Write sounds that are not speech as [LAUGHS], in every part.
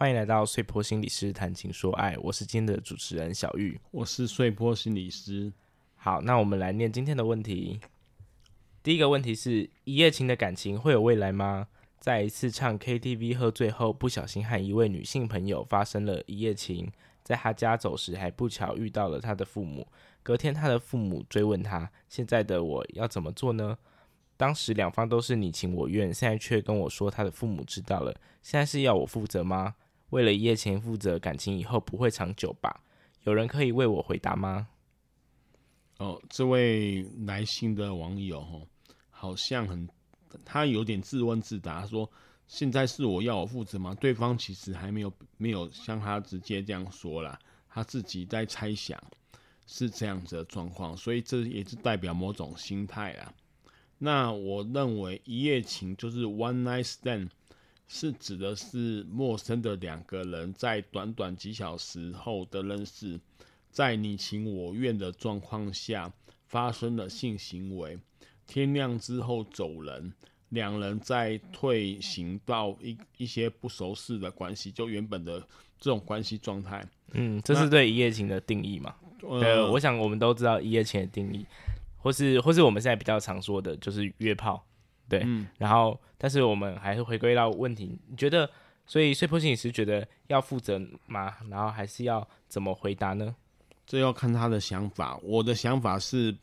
歡迎來到穗波心理師談情說愛，我是今天的主持人小玉，我是穗波心理師。好，那我們來念今天的問題。第一個問題是：一夜情的感情會有未來嗎？在一次唱 KTV 喝醉後，不小心和一位女性朋友發生了一夜情，在她家走時還不巧遇到了她的父母。隔天她的父母追問她：「現在的我要怎麼做呢？當時兩方都是你情我願，現在卻跟我說她的父母知道了，現在是要我負責嗎？為了一夜情負責，感情以後不會長久吧？有人可以為我回答嗎？哦，這位來信的網友哦，好像很，他有點自問自答，說現在是我要我負責嗎？對方其實還沒有沒有向他直接這樣說啦，他自己在猜想是這樣子的狀況，所以這也是代表某種心態啦。那我認為一夜情就是 one night stand。是指的是陌生的兩個人在短短幾小時後的認識，在你情我願的狀況下發生了性行為，天亮之後走人，兩人再退行到一一些不熟識的關係，就原本的這種關係狀態。嗯，這是對一夜情的定義嘛。那呃、對，我想我們都知道一夜情的定義，或是或是我們現在比較常說的就是約炮。對，嗯、然後但是我們還是回歸到問題，你覺得所以睡破處你是覺得要負責嗎？然後還是要怎麼回答呢？這要看他的想法。我的想法是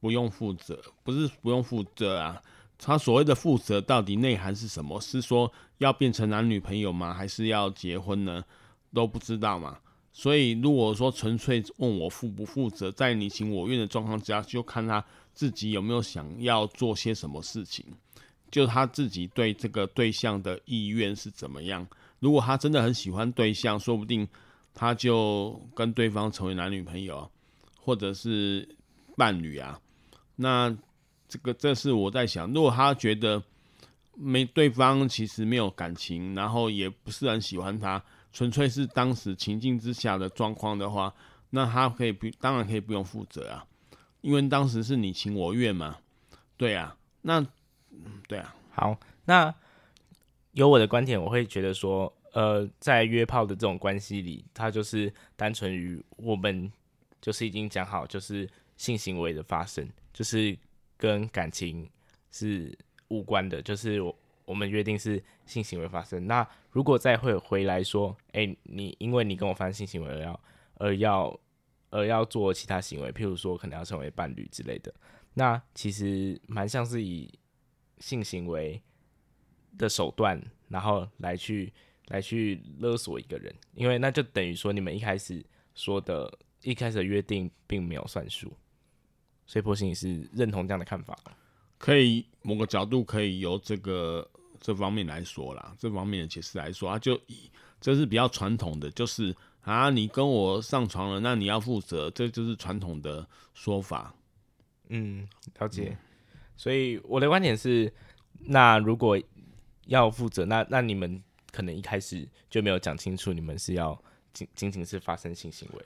不用負責，不是不用負責啊。他所謂的負責到底內涵是什麼？是說要變成男女朋友嗎？還是要結婚呢？都不知道嘛。所以如果說純粹問我負不負責，在你情我願的狀況之下，就看他自己有沒有想要做些什麼事情。就他自己對這個對象的意願是怎麼樣？如果他真的很喜歡對象，說不定他就跟對方成為男女朋友，或者是伴侶啊。那這個這是我在想，如果他覺得沒對方其實沒有感情，然後也不是很喜歡他，純粹是當時情境之下的狀況的話，那他可以不，當然可以不用負責啊，因為當時是你情我願嘛，對啊，那。嗯，對啊，好，那有我的觀點，我會覺得說，呃，在約炮的這種關係裡，它就是單純於我們就是已經講好，就是性行為的發生，就是跟感情是無關的，就是我，我們約定是性行為發生。那如果再會回來說，哎、欸，你因為你跟我發生性行為，而要，而要，而要做其他行為，譬如說可能要成為伴侶之類的，那其實蠻像是以。性行為的手段，然後來去來去勒索一個人，因為那就等於說你們一開始說的，一開始的約定並沒有算數，所以波西也是認同這樣的看法。可以某個角度可以由這個這方面來說啦，這方面的解釋來說啊就以，就這是比較傳統的，就是啊，你跟我上床了，那你要負責，這就是傳統的說法。嗯，了解。嗯所以我的觀點是，那如果要負責，那那你們可能一開始就沒有講清楚，你們是要僅僅僅是發生性行為，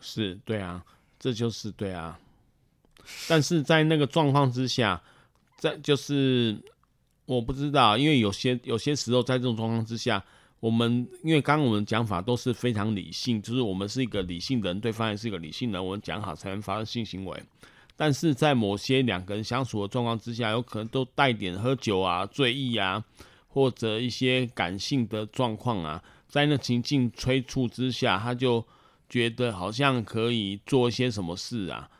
是，對啊，這就是對啊， [LAUGHS] 但是在那個狀況之下，在就是我不知道，因為有些有些時候在這種狀況之下，我們因為剛剛我們講法都是非常理性，就是我們是一個理性人，對方也是一個理性人，我們講好才能發生性行為。但是在某些兩個人相處的狀況之下，有可能都帶點喝酒啊、醉意啊，或者一些感性的狀況啊，在那情境催促之下，他就覺得好像可以做一些什麼事啊，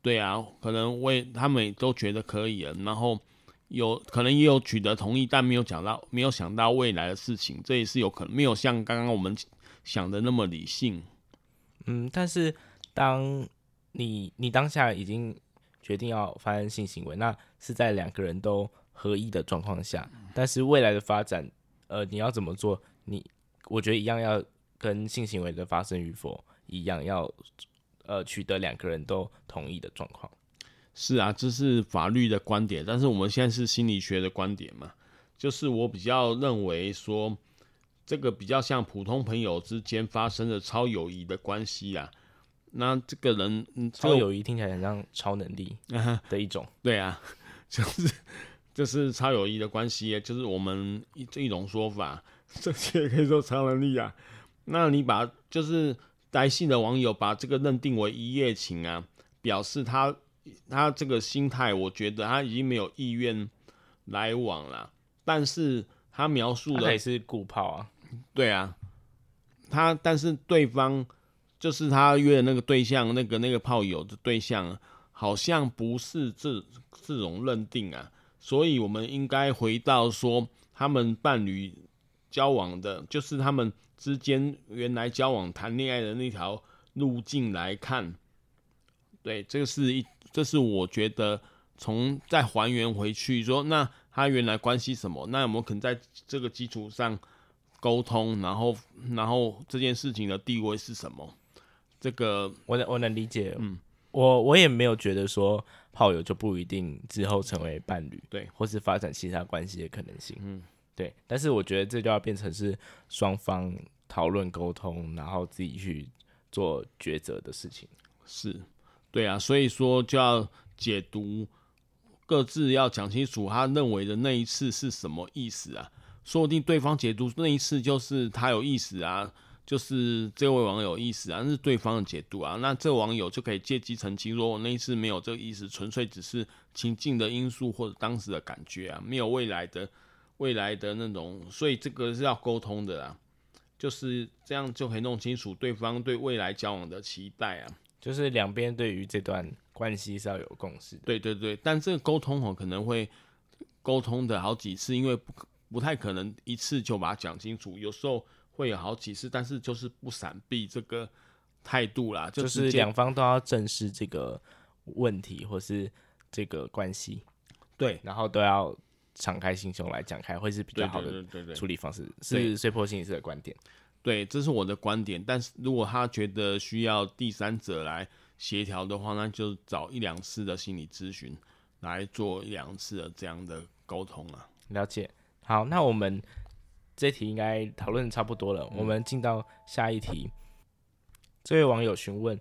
對啊，可能為他們也都覺得可以啊，然後有可能也有取得同意，但沒有講到，沒有想到未來的事情，這也是有可能沒有像剛剛我們想的那麼理性。嗯，但是當你你當下已經。決定要發生性行為，那是在兩個人都合意的狀況下。但是未來的發展，呃，你要怎麼做？你我覺得一樣要跟性行為的發生與否一樣要，要呃取得兩個人都同意的狀況。是啊，這是法律的觀點，但是我們現在是心理學的觀點嘛，就是我比較認為說，這個比較像普通朋友之間發生的超友誼的關係啊。那這個人超友誼就聽起來很像超能力的一種。啊對啊，就是就是超友誼的關係，就是我們這一這種說法，這 [LAUGHS] 些也可以說超能力啊。那你把就是來信的網友把這個認定為一夜情啊，表示他他這個心態，我覺得他已經沒有意願來往了。但是他描述的他也是故炮啊，對啊，他但是對方。就是他約的那個對象，那個那個炮友的對象，好像不是這這種認定啊，所以我們應該回到說，他們伴侶交往的，就是他們之間原來交往談戀愛的那條路徑來看。對，這個是一，這是我覺得從再還原回去說，那他原來關係什麼？那有沒有可能在這個基礎上溝通，然後然後這件事情的地位是什麼？這個我能我能理解，嗯，我我也沒有覺得說炮友就不一定之後成為伴侶，對，或是發展其他關係的可能性，嗯，對。但是我覺得這就要變成是雙方討論溝通，然後自己去做抉擇的事情，是，對啊。所以說就要解讀，各自要講清楚他認為的那一次是什麼意思啊，說不定對方解讀那一次就是他有意思啊。就是這位網友意思啊，那是對方的解讀啊，那這網友就可以借機澄清，說我那一次沒有這個意思，純粹只是情境的因素或者當時的感覺啊，沒有未來的未來的那種，所以這個是要溝通的啦、啊，就是這樣就可以弄清楚對方對未來交往的期待啊，就是兩邊對於這段關係是要有共識的。對對對，但這個溝通我可能會溝通的好幾次，因為不不太可能一次就把它講清楚，有時候。會有好幾次，但是就是不閃避這個態度啦，就是兩方都要正視這個問題，或是這個關係，對，然後都要敞開心胸來講開，會是比較好的處理方式，是穗波心理師的觀點對。對，這是我的觀點，但是如果他覺得需要第三者來協調的話呢，那就找一兩次的心理諮詢來做一兩次的這樣的溝通了、啊。了解，好，那我們。這題應該討論差不多了，嗯、我們進到下一題。這位網友詢問：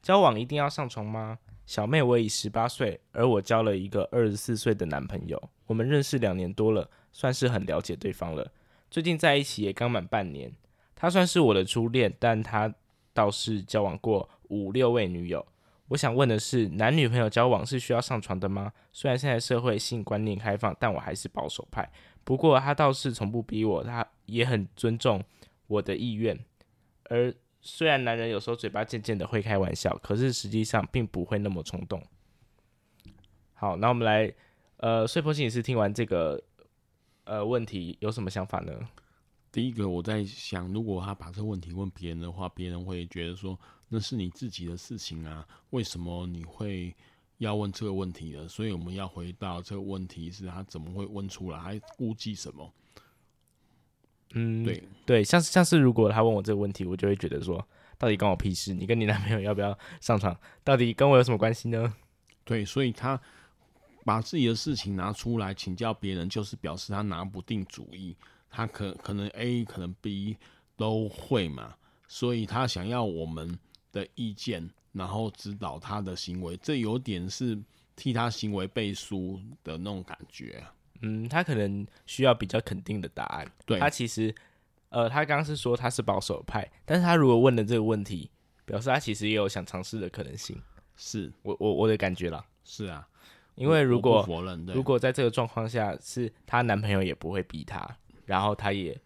交往一定要上床嗎？小妹，我已十八歲，而我交了一個二十四歲的男朋友，我們認識兩年多了，算是很了解對方了。最近在一起也剛滿半年，他算是我的初戀，但他倒是交往過五六位女友。我想問的是，男女朋友交往是需要上床的嗎？雖然現在社會性觀念開放，但我還是保守派。不過他倒是從不逼我，他也很尊重我的意願。而雖然男人有時候嘴巴賤賤的會開玩笑，可是實際上並不會那麼衝動。好，那我們來，呃，穗波心理師聽完這個，呃，問題有什麼想法呢？第一個，我在想，如果他把這個問題問別人的話，別人會覺得說，那是你自己的事情啊，為什麼你會？要問這個問題了，所以我們要回到這個問題是他怎麼會問出來，還顧忌什麼？嗯，對對，下次下次如果他問我這個問題，我就會覺得說，到底關我屁事？你跟你男朋友要不要上床？到底跟我有什麼關係呢？對，所以他把自己的事情拿出來請教別人，就是表示他拿不定主意，他可可能 A 可能 B 都會嘛，所以他想要我們的意見。然後指導他的行為，這有點是替他行為背書的那種感覺啊。嗯，他可能需要比較肯定的答案。對他其實，呃，他剛剛是說他是保守派，但是他如果問了這個問題，表示他其實也有想嘗試的可能性。是我我我的感覺啦。是啊，因為如果如果在這個狀況下，是他男朋友也不會逼他，然後他也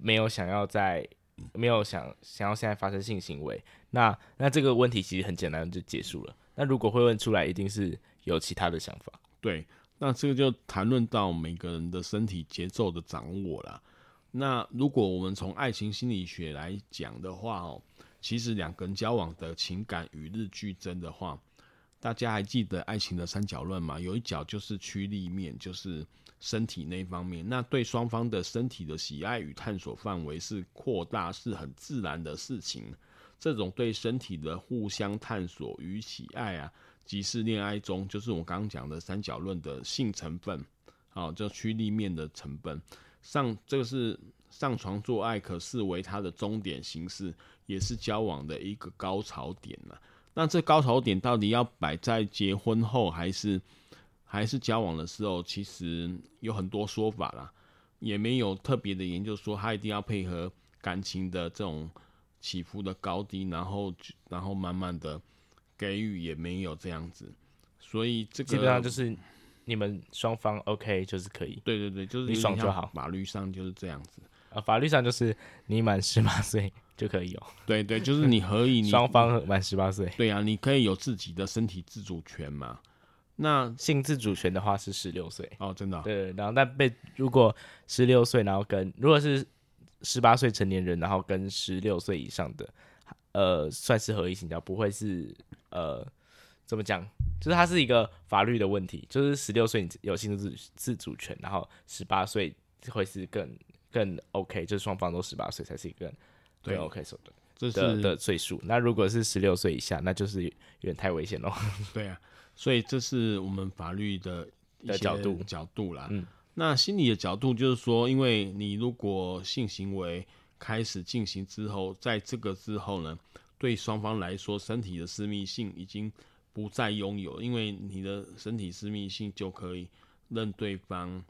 沒有想要再。沒有想想要現在發生性行為，那那這個問題其實很簡單就結束了。那如果會問出來，一定是有其他的想法。對，那這個就談論到每個人的身體節奏的掌握啦。那如果我們從愛情心理學來講的話，哦，其實兩個人交往的情感與日俱增的話，大家還記得愛情的三角論嗎？有一角就是驅力面，就是。身體那一方面，那對雙方的身體的喜愛與探索範圍是擴大，是很自然的事情。這種對身體的互相探索與喜愛啊，即是戀愛中，就是我剛剛講的三角論的性成分，好、啊，就驅力面的成分。上這個是上床做愛，可視為它的終點形式，也是交往的一個高潮點呢、啊。那這高潮點到底要擺在結婚後，還是？還是交往的時候，其實有很多說法啦，也沒有特別的研究說他一定要配合感情的這種起伏的高低，然後然後慢慢的給予，也沒有這樣子，所以這個基本上就是你們雙方 OK 就是可以，對對對，就是你爽就好，法律上就是這樣子啊，法律上就是你滿十八歲就可以有，哦，對對，就是你可以， [LAUGHS] 雙方滿十八歲，對啊，你可以有自己的身體自主權嘛。那性自主權的話是十六歲哦，真的、哦、對。然後但被如果十六歲，然後跟如果是十八歲成年人，然後跟十六歲以上的，呃，算是合意性交，不會是呃怎麼講？就是它是一個法律的問題，就是十六歲你有性自主自主權，然後十八歲會是更更 OK，就是雙方都十八歲才是一個更 OK 手段的對的歲數是。那如果是十六歲以下，那就是有點太危險了。對啊。所以這是我們法律的一些角度角度啦。嗯。那心理的角度就是說，因為你如果性行為開始進行之後，在這個之後呢，對雙方來說，身體的私密性已經不再擁有，因為你的身體私密性就可以讓對方，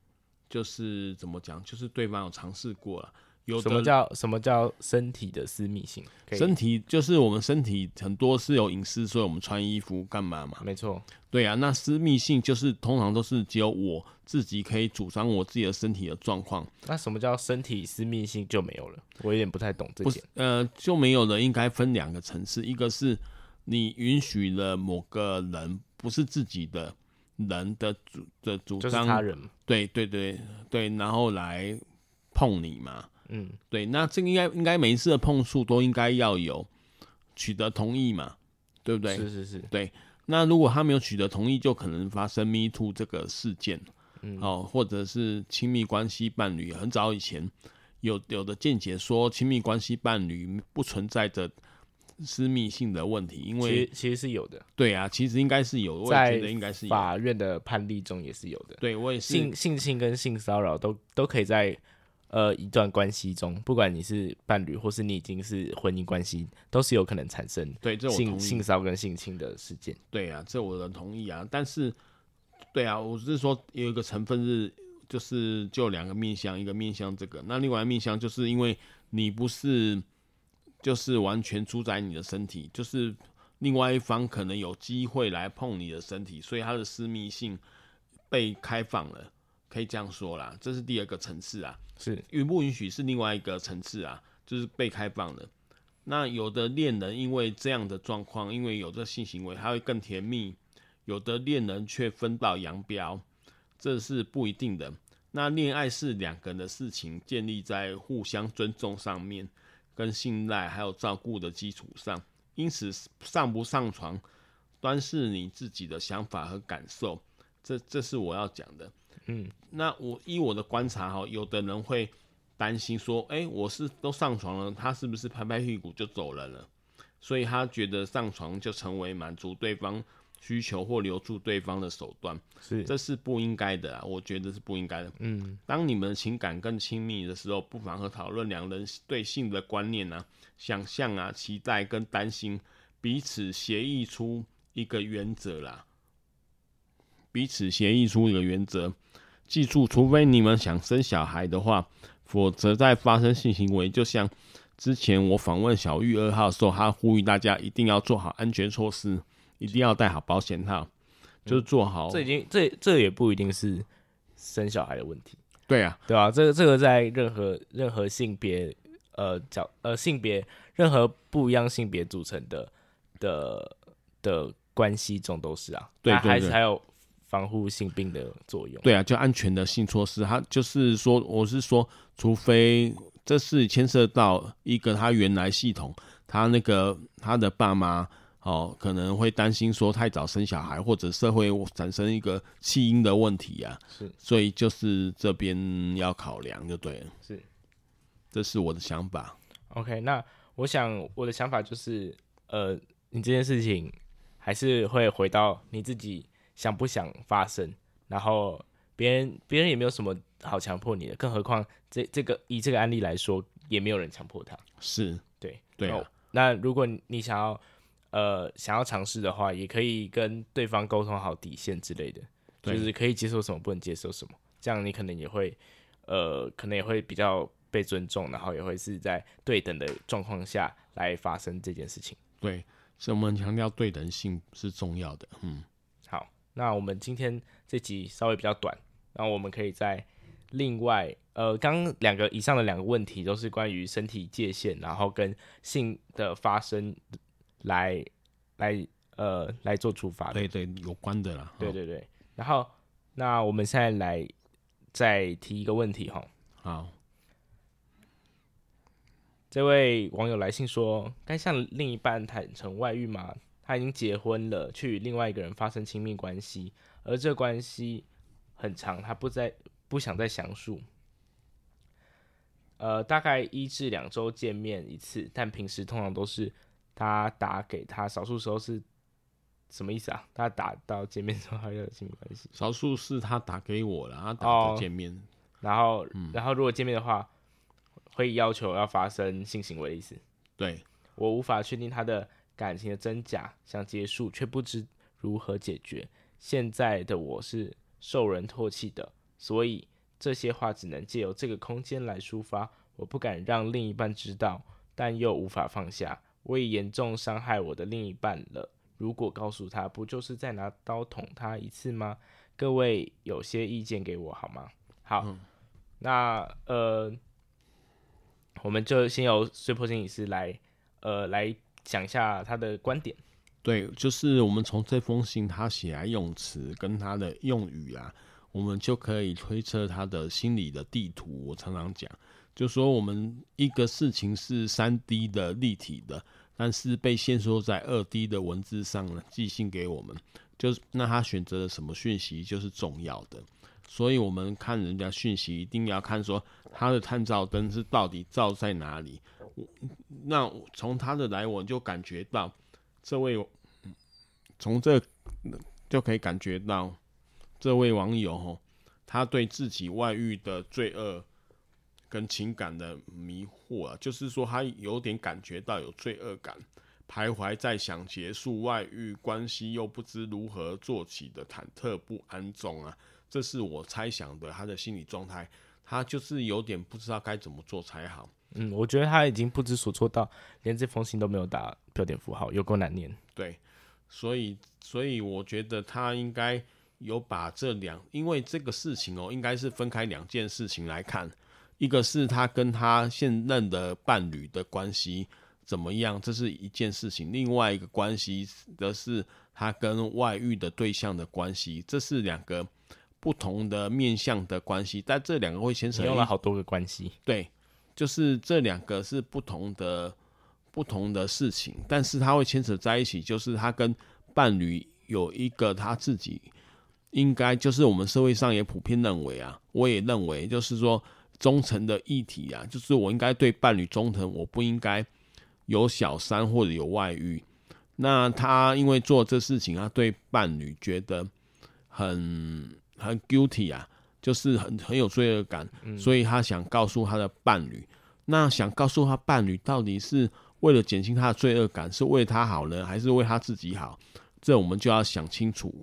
就是怎麼講，就是對方有嘗試過了。有什麼叫什麼叫身體的私密性？身體就是我們身體很多是有隱私，所以我們穿衣服幹嘛嘛？沒錯，對啊。那私密性就是通常都是只有我自己可以主張我自己的身體的狀況。那什麼叫身體私密性就沒有了？我有點不太懂這些呃，就沒有了。應該分兩個層次，一個是你允許了某個人不是自己的人的主的主張，他人對對對對，然後來碰你嘛。嗯，對，那這個應該應該每一次的碰觸都應該要有取得同意嘛，對不對？是是是，對。那如果他沒有取得同意，就可能發生 me too 這個事件，嗯、哦，或者是親密關係伴侶。很早以前有有的見解說，親密關係伴侶不存在着私密性的問題，因為其實其實是有的。對啊，其實應該是有的。我覺得應該是有。在法院的判例中也是有的。對，我也是。性性性跟性騷擾都都可以在。呃，一段關係中，不管你是伴侶，或是你已經是婚姻關係，都是有可能產生性，對，這我性騷跟性侵的事件。對啊，這我能同意啊。但是，對啊，我是說有一個成分是，就是就兩個面向，一個面向這個，那另外一個面向就是因為你不是，就是完全主宰你的身體，就是另外一方可能有機會來碰你的身體，所以他的私密性被開放了。可以這樣說啦，這是第二個層次啊。是允不允許是另外一個層次啊，就是被開放的。那有的戀人因為這樣的狀況，因為有這性行為，他會更甜蜜；有的戀人卻分道揚鑣，這是不一定的。那戀愛是兩個人的事情，建立在互相尊重上面、跟信賴還有照顧的基礎上。因此，上不上床端視你自己的想法和感受。這，這是我要講的。嗯，那我依我的觀察哈，有的人會擔心說，哎、欸，我是都上床了，他是不是拍拍屁股就走人了呢？所以他覺得上床就成為滿足對方需求或留住對方的手段，是這是不應該的啊，我覺得是不應該的。嗯，當你們的情感更親密的時候，不妨和討論兩人對性的觀念啊、想象啊、期待跟擔心，彼此協議出一個原則啦。彼此協議出一個原則，記住，除非你們想生小孩的話，否則在發生性行為，就像之前我訪問小玉二號的時候，他呼籲大家一定要做好安全措施，一定要戴好保險套，嗯、就做好。這已經這這也不一定是生小孩的問題，對啊，對啊，這個這個在任何任何性別呃角呃性別任何不一樣性別組成的的的關係中都是啊，對，對，對，孩子、啊、還，還有。防護性病的作用，對啊，就安全的性措施，他就是說，我是說，除非這是牽涉到一個他原來系統，他那個他的爸媽哦，可能會擔心說太早生小孩，或者社會產生一個棄嬰的問題啊，是，所以就是這邊要考量就對了，是，這是我的想法。OK，那我想我的想法就是，呃，你這件事情還是會回到你自己。想不想發生？然後別人別人也沒有什麼好強迫你的，更何況這這個以這個案例來說，也沒有人強迫他。是，對，對啊。哦，那如果你想要呃想要嘗試的話，也可以跟對方溝通好底線之類的，就是可以接受什麼，不能接受什麼。這樣你可能也會呃可能也會比較被尊重，然後也會是在對等的狀況下來發生這件事情。對，所以我們強調對等性是重要的。嗯，好。那我們今天這集稍微比較短，那我們可以在另外，呃，剛剛兩個以上的兩個問題都是關於身體界限，然後跟性的發生來來呃來做出發，對對有關的啦，對對對。然後那我們現在來再提一個問題哈，好，這位網友來信說，該向另一半坦誠外遇嗎？他已經結婚了，去與另外一個人發生親密關係，而這關係很長，他不再不想再詳述。呃，大概一至兩周見面一次，但平時通常都是他打給他，少數時候是，什麼意思啊？他打到見面之後還有親密關係？少數是他打給我了，他打到見面，oh, 然後、嗯、然後如果見面的話，會要求要發生性行為的意思？對，我無法確定他的。感情的真假想結束，卻不知如何解決。現在的我是受人唾棄的，所以這些話只能借由這個空間來抒發。我不敢讓另一半知道，但又無法放下。我已嚴重傷害我的另一半了，如果告訴他，不就是再拿刀捅他一次嗎？各位有些意見給我好嗎？好，嗯、那呃，我們就先由穗波心理師來，呃，來。講一下他的觀點。對，就是我們從這封信他寫來用詞跟他的用語啊，我們就可以推測他的心理的地圖。我常常講，就說我們一個事情是三 D 的立體的，但是被限縮在二 D 的文字上了。寄信給我們，就是那他選擇了什麼訊息就是重要的。所以我們看人家訊息，一定要看說他的探照燈是到底照在哪裡。那從他的來往就感覺到，這位從這就可以感覺到，這位網友哦，他對自己外遇的罪惡跟情感的迷惑啊，就是說他有點感覺到有罪惡感，徘徊在想結束外遇關係又不知如何做起的忐忑不安中啊，這是我猜想的他的心理狀態，他就是有點不知道該怎麼做才好。嗯，我覺得他已經不知所措到連這封信都沒有打標點符號，有夠難念。對，所以所以我覺得他應該有把這兩，因為這個事情哦，應該是分開兩件事情來看。一個是他跟他現任的伴侶的關係怎麼樣，這是一件事情；另外一個關係的是他跟外遇的對象的關係，這是兩個不同的面向的關係。但這兩個會牽扯到好多個關係，對。就是這兩個是不同的不同的事情，但是他會牽扯在一起，就是他跟伴侶有一個他自己應該，就是我們社會上也普遍認為啊，我也認為，就是說忠誠的議題啊，就是我應該對伴侶忠誠，我不應該有小三或者有外遇。那他因為做這事情，他對伴侶覺得很很 guilty 啊。就是很很有罪惡感，所以他想告訴他的伴侶，嗯、那想告訴他伴侶，到底是為了減輕他的罪惡感，是為他好呢，還是為他自己好？這我們就要想清楚。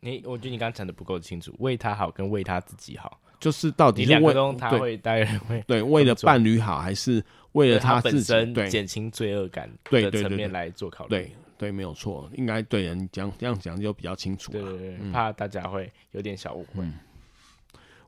你、欸，我覺得你剛才講的不夠清楚，為他好跟為他自己好，就是到底兩個人，對，為了伴侶好，還是為了他，自他本身減輕罪惡感的層面來做考慮？對對，沒有錯，應該對人講這樣講就比較清楚。對，對，對，嗯、怕大家會有點小誤會。嗯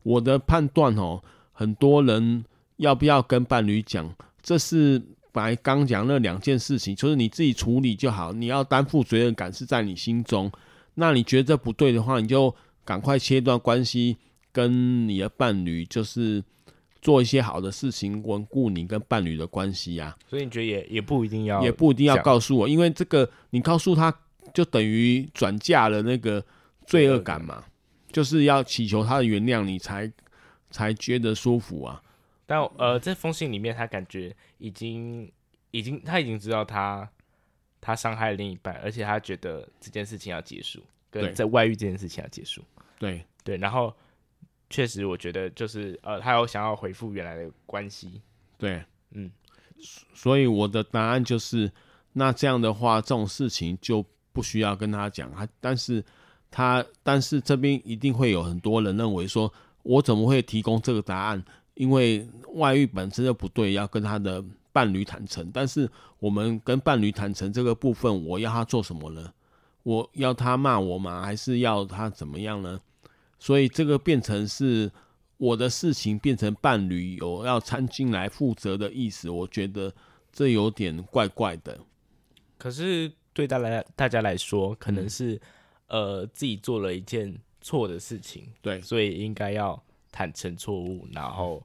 我的判斷哦，很多人要不要跟伴侶講？這是本來剛講的那兩件事情，就是你自己處理就好。你要擔負責任感是在你心中。那你覺得不對的話，你就趕快切斷關係，跟你的伴侶就是做一些好的事情，穩固你跟伴侶的關係呀、啊。所以你覺得也也不一定要，也不一定要告訴我，因為這個你告訴他，就等於轉嫁了那個罪惡感嘛。就是要祈求他的原諒，你才才覺得舒服啊。但呃，這封信裡面，他感覺已經已經，他已經知道他他傷害了另一半，而且他覺得這件事情要結束，跟在外遇這件事情要結束。對對，然後確實，我覺得就是呃，他有想要恢復原來的關係。對，嗯，所以我的答案就是，那這樣的話，這種事情就不需要跟他講，他但是。他，但是這邊一定會有很多人認為說，我怎麼會提供這個答案？因為外遇本身就不對，要跟他的伴侶坦誠。但是我們跟伴侶坦誠這個部分，我要他做什麼呢？我要他罵我嗎？還是要他怎麼樣呢？所以這個變成是我的事情，變成伴侶有要參進來負責的意思。我覺得這有點怪怪的。可是對大來大家來說，可能是、嗯。呃，自己做了一件錯的事情，對，所以應該要坦誠錯誤，然後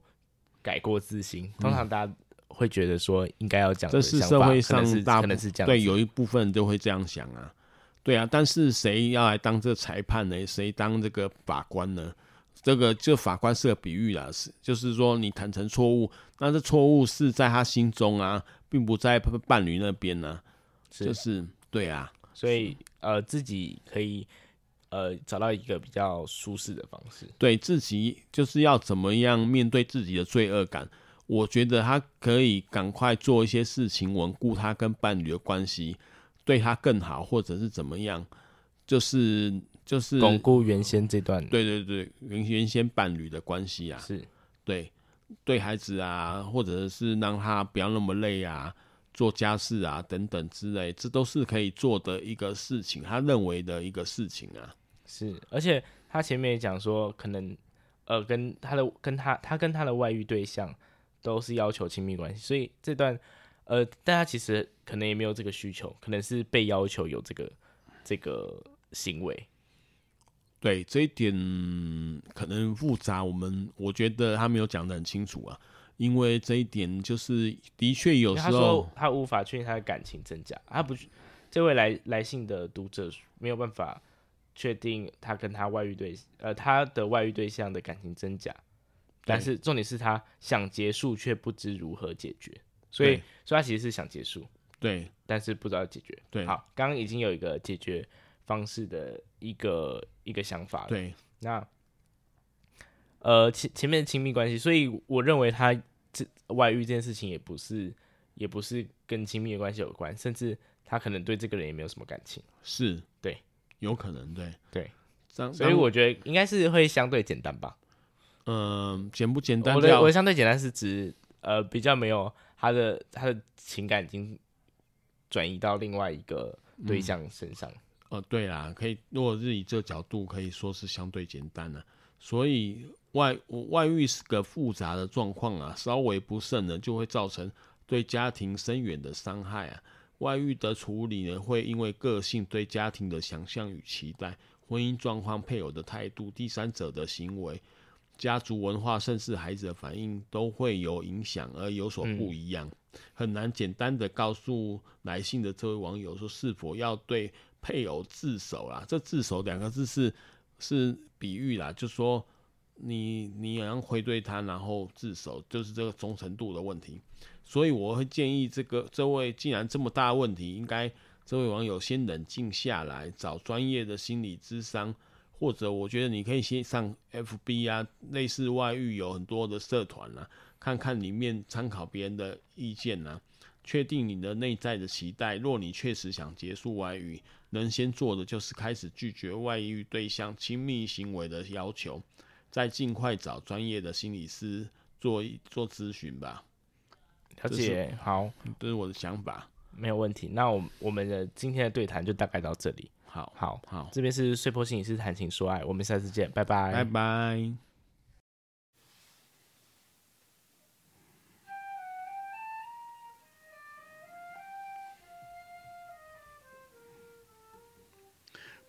改過自新。嗯、通常大家會覺得說應，應該要講，這是社會上大部分是講，是對，有一部分都會這樣想啊，對啊。但是誰要來當這個裁判呢？誰當這個法官呢？這個就法官是個比喻啊，是就是說你坦誠錯誤，那這錯誤是在他心中啊，並不在伴侶那邊呢、啊，就是，是對啊。所以，啊、呃，自己可以，呃，找到一個比較舒適的方式，對，自己就是要怎麼樣面對自己的罪惡感。我覺得他可以趕快做一些事情，穩固他跟伴侶的關係，對他更好，或者是怎麼樣，就是就是鞏固原先這段，對對對，原原先伴侶的關係啊，是對對孩子啊，或者是讓他不要那麼累啊。做家事啊，等等之類，這都是可以做的一個事情，他認為的一個事情啊。是，而且他前面也講說，可能呃，跟他的跟他他跟他的外遇對象都是要求親密關係，所以這段呃，大家其實可能也沒有這個需求，可能是被要求有這個這個行為。對，這一點可能複雜，我們我覺得他沒有講得很清楚啊。因為這一點，就是的確有時候，他說他無法確定他的感情真假，他不，這位來來信的讀者沒有辦法確定他跟他外遇對，呃，他的外遇對象的感情真假，但是重點是他想結束，卻不知如何解決，對所以，所以他其實是想結束，對，但是不知道解決，對，好，剛剛已經有一個解決方式的一個一個想法了，對，那。呃，前前面的親密關係，所以我認為他這外遇這件事情也不是，也不是跟親密的關係有關，甚至他可能對這個人也沒有什麼感情。是，對，有可能，對，對，張所以我覺得應該是會相對簡單吧。嗯、呃，簡不簡單？我的我相對簡單是指，呃，比較沒有他的他的情感已經轉移到另外一個對象身上。哦、嗯呃，對啦，可以，如果是以這個角度，可以說是相對簡單的，啊所以外外遇是個複雜的狀況啊，稍微不慎呢，就會造成對家庭深遠的傷害啊。外遇的處理呢，會因為個性、對家庭的想象與期待、婚姻狀況、配偶的態度、第三者的行為、家族文化，甚至孩子的反應，都會有影響而有所不一樣。嗯。很難簡單的告訴來信的這位網友說是否要對配偶自首啊。這自首兩個字是。是比喻啦，就是、說你你好像回對他，然後自首，就是這個忠誠度的問題。所以我會建議這個這位，既然這麼大問題，應該這位網友先冷靜下來，找專業的心理諮商，或者我覺得你可以先上 FB 啊，類似外遇有很多的社團啊，看看裡面參考別人的意見啊，確定你的內在的期待。若你確實想結束外遇，能先做的就是開始拒絕外遇對象親密行為的要求，再盡快找專業的心理師做一做諮詢吧。了解，好，這是我的想法，沒有問題。那我我們的今天的對談就大概到這裡。好好好，這邊是穗波心理師談情說愛，我們下次見，拜拜，拜拜。